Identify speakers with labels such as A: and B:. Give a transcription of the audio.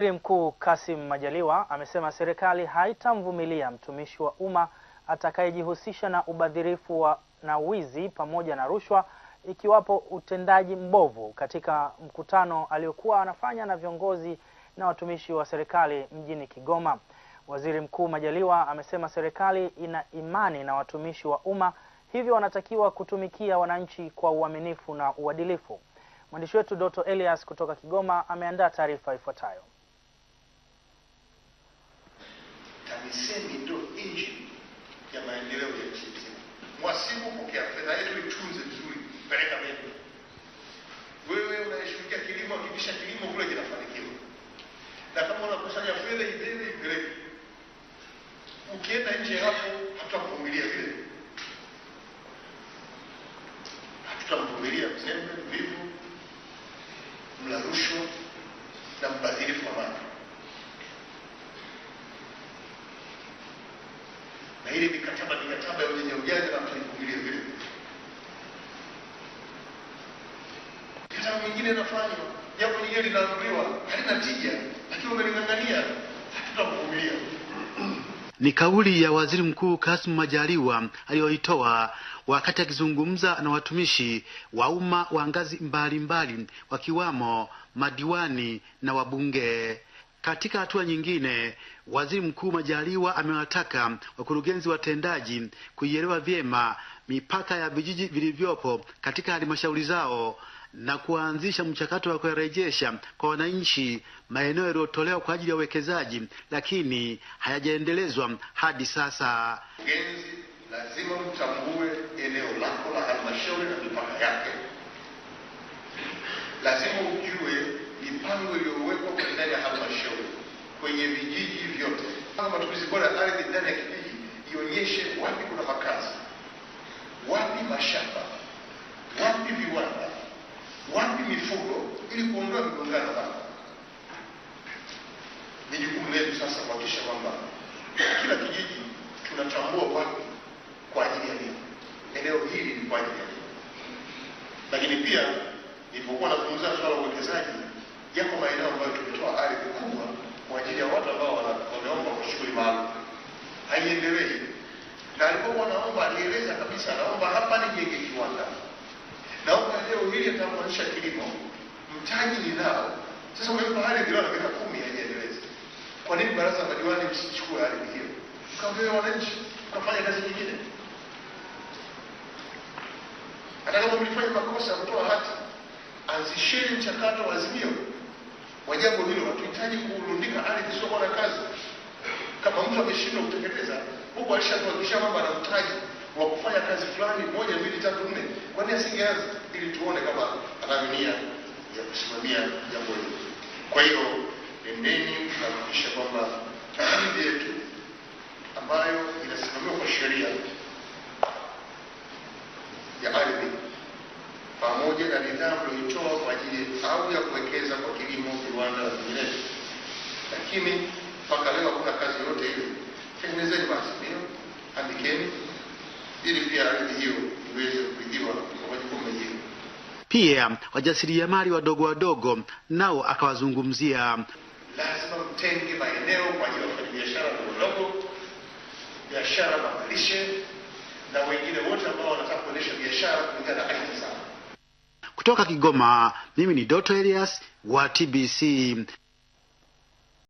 A: Waziri Mkuu Kassim Majaliwa amesema serikali haitamvumilia mtumishi wa umma atakayejihusisha na ubadhirifu wa na wizi pamoja na rushwa ikiwapo utendaji mbovu, katika mkutano aliokuwa anafanya na viongozi na watumishi wa serikali mjini Kigoma. Waziri Mkuu Majaliwa amesema serikali ina imani na watumishi wa umma, hivyo wanatakiwa kutumikia wananchi kwa uaminifu na uadilifu. Mwandishi wetu Doto Elias kutoka Kigoma ameandaa taarifa ifuatayo.
B: na kama unakusanya fedha ibebe ipeleke. Ukienda nje hapo hatutakuvumilia vile, hatutamvumilia mzembe, mvivu, mla rushwa na mbadhirifu wa watu. Na ile mikataba mikataba ya ujanja ujanja na vile. Mikataba mingine inafanywa, jambo lingine linaamriwa halina tija lakini umeling'ang'ania, hatutakuvumilia.
A: Ni kauli ya Waziri Mkuu Kassim Majaliwa aliyoitoa wakati akizungumza na watumishi wa umma wa ngazi mbalimbali wakiwamo madiwani na wabunge. Katika hatua nyingine, Waziri Mkuu Majaliwa amewataka wakurugenzi watendaji kuielewa vyema mipaka ya vijiji vilivyopo katika halmashauri zao na kuanzisha mchakato wa kuyarejesha kwa wananchi maeneo yaliyotolewa kwa ajili ya uwekezaji, lakini hayajaendelezwa hadi sasa.
B: Mgenzi, lazima mtambue eneo lako la halmashauri na mipaka yake. Lazima ujue mipango iliyowekwa kwa ndani ya halmashauri kwenye vijiji vyote. Matumizi bora ya ardhi ndani ya kijiji ionyeshe wapi kuna makazi wapi mashamba, wapi viwanda, wapi mifugo, ili kuondoa migongano hapa. Ni jukumu letu sasa kuhakikisha kwamba kila kijiji tunatambua wapi kwa ajili ya nini, eneo hili ni kwa ajili ya nini. Lakini pia nilipokuwa nazungumzia swala la uwekezaji, yako maeneo ambayo tumetoa ardhi kubwa kabisa, naomba hapa nijenge kiwanda, naomba leo hili atakuanisha kilimo, mtaji ni nao Sasa umempa hali leo na miaka kumi hajiendeleza. Kwa nini baraza la madiwani msichukue hali hiyo mkapewe wananchi, mkafanya kazi nyingine? Hata kama mlifanya makosa mtoa hati, anzisheni mchakato wa azimio wa jambo hilo. Hatuhitaji kurundika hali isiyokuwa na kazi. Kama mtu ameshindwa kutekeleza huku alishatuhakikisha mambo anamtaji wa kufanya kazi fulani moja mbili tatu nne, kwani asingeanza ili tuone kama ana ya kusimamia jambo hili. Kwa hiyo endeni kuhakikisha kwamba ardhi yetu ambayo inasimamiwa kwa sheria ya ardhi pamoja na nidhamu mlioitoa kwa ajili au ya kuwekeza kwa kilimo, viwanda na vinginevyo, lakini mpaka leo hakuna kazi yoyote ile. Tengenezeni maazimio, andikeni ili pia ardhi hiyo iweze kukidhiwa kwa majukumu yenyewe.
A: Pia wajasiriamali wadogo wadogo nao akawazungumzia.
B: Lazima mtenge maeneo kwa ajili ya wafanyabiashara wadogo, biashara za na wengine wote ambao wanataka kuendesha biashara kulingana na aina zao.
A: Kutoka Kigoma, mimi ni Doto Elias wa TBC.